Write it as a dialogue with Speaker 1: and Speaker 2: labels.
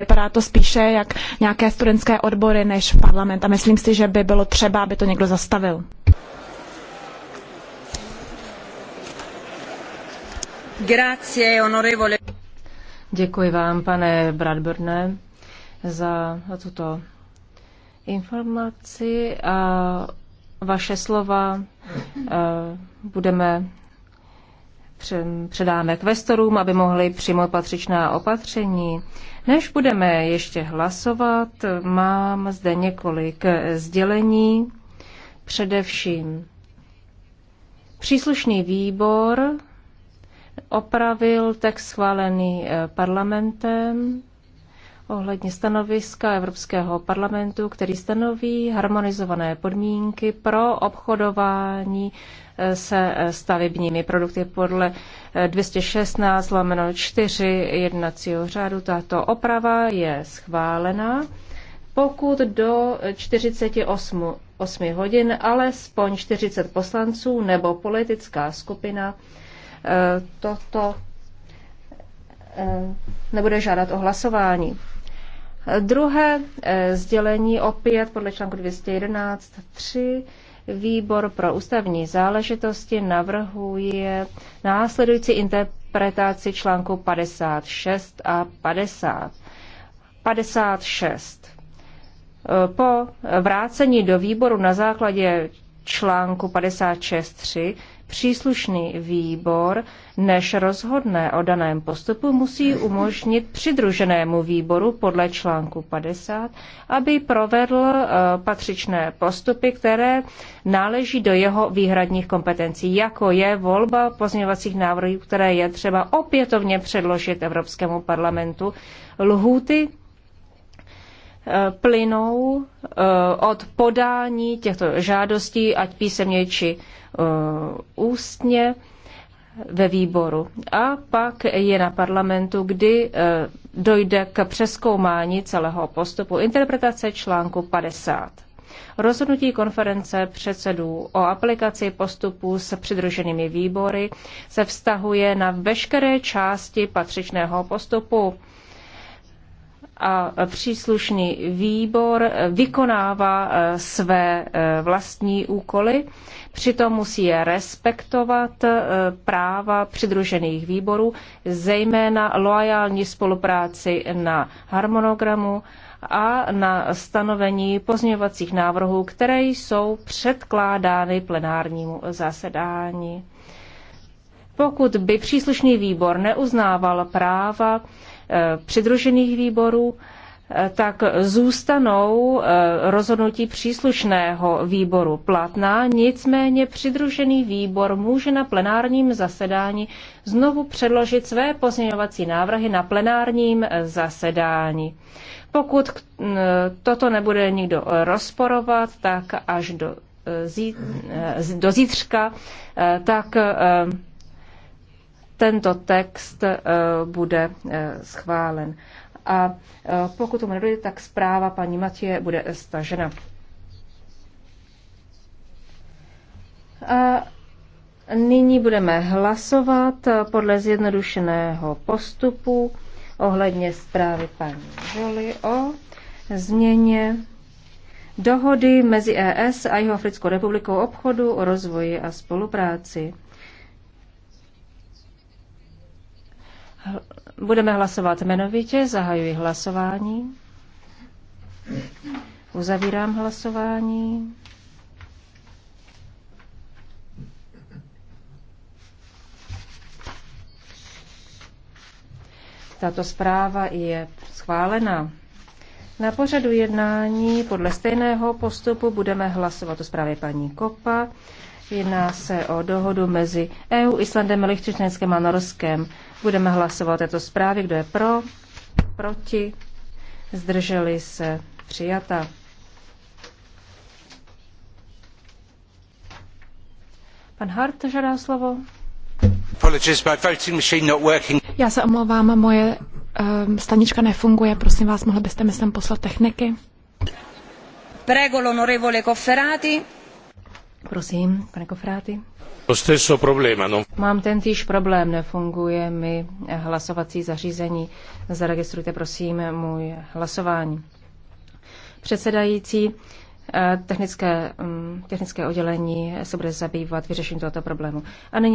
Speaker 1: Vypadá to spíše jak nějaké studentské odbory než parlament a myslím si, že by bylo třeba, aby to někdo zastavil. Grazie, onorevole. Děkuji vám, pane Bradburne, za tuto informaci a vaše slova eh, budeme předáme kvestorům, aby mohli přijmout patřičná opatření. Než budeme ještě hlasovat, mám zde několik sdělení. Především příslušný výbor opravil text schválený eh, parlamentem ohledně stanoviska Evropského parlamentu, který stanoví harmonizované podmínky pro obchodování eh, se eh, stavebními produkty podle 216 eh, lomeno 4 jednacího řádu. Tato oprava je schválena, pokud do 48 8 hodin alespoň 40 poslanců nebo politická skupina toto nebude žádat o hlasování. Druhé eh, sdělení opět podle článku 211.3 Výbor pro ústavní záležitosti navrhuje následující interpretaci článku 56 a 50. 56. Eh, po vrácení do výboru na základě článku 56.3 příslušný výbor, než rozhodne o daném postupu, musí umožnit přidruženému výboru podle článku 50, aby provedl eh, patřičné postupy, které náleží do jeho výhradních kompetencí, jako je volba pozměňovacích návrhů, které je třeba opětovně předložit Evropskému parlamentu. Lhůty Eh, plynou eh, od podání těchto žádostí, ať písemně či eh, ústně ve výboru. A pak je na parlamentu, kdy dojde k přeskoumání celého postupu interpretace článku 50. Rozhodnutí konference předsedů o aplikaci postupů s přidruženými výbory se vztahuje na veškeré části patřičného postupu a příslušný výbor vykonává e, své e, vlastní úkoly, přitom musí je respektovat e, práva přidružených výborů, zejména loajální spolupráci na harmonogramu a na stanovení pozměňovacích návrhů, které jsou předkládány plenárnímu zasedání. Pokud by příslušný výbor neuznával práva Eh, přidružených výborů, eh, tak zůstanou eh, rozhodnutí příslušného výboru platná, nicméně přidružený výbor může na plenárním zasedání znovu předložit své pozměňovací návrhy na plenárním zasedání. Pokud toto nebude nikdo rozporovat, tak až do, zít, do zítřka, tak tento text eh, bude eh, schválen. A eh, pokud tomu nedojde, tak zpráva paní Matěje bude stažena. A nyní budeme hlasovat podle zjednodušeného postupu ohledně zprávy paní Žoli o změně dohody mezi ES a Jihoafrickou republikou obchodu o rozvoji a spolupráci. Budeme hlasovat jmenovitě, zahajuji hlasování. Uzavírám hlasování. Tato zpráva je schválena. Na pořadu jednání podle stejného postupu budeme hlasovat o zprávě paní Kopa. Jedná se o dohodu mezi EU, Islandem, Lichtenštejnskem a Norskem. Budeme hlasovat této zprávě, kdo je pro, proti, zdrželi se, přijata. Pan Hart žádá slovo. Já se omlouvám, moje um, stanička nefunguje, prosím vás, mohli byste mi sem poslat techniky? Prego l'onorevole Cofferati. Prosím, pane Kofráty. Mám ten týž problém, nefunguje mi hlasovací zařízení. Zaregistrujte prosím můj hlasování. Předsedající, eh, technické, mm, technické oddělení se bude zabývat vyřešením tohoto problému. A nyní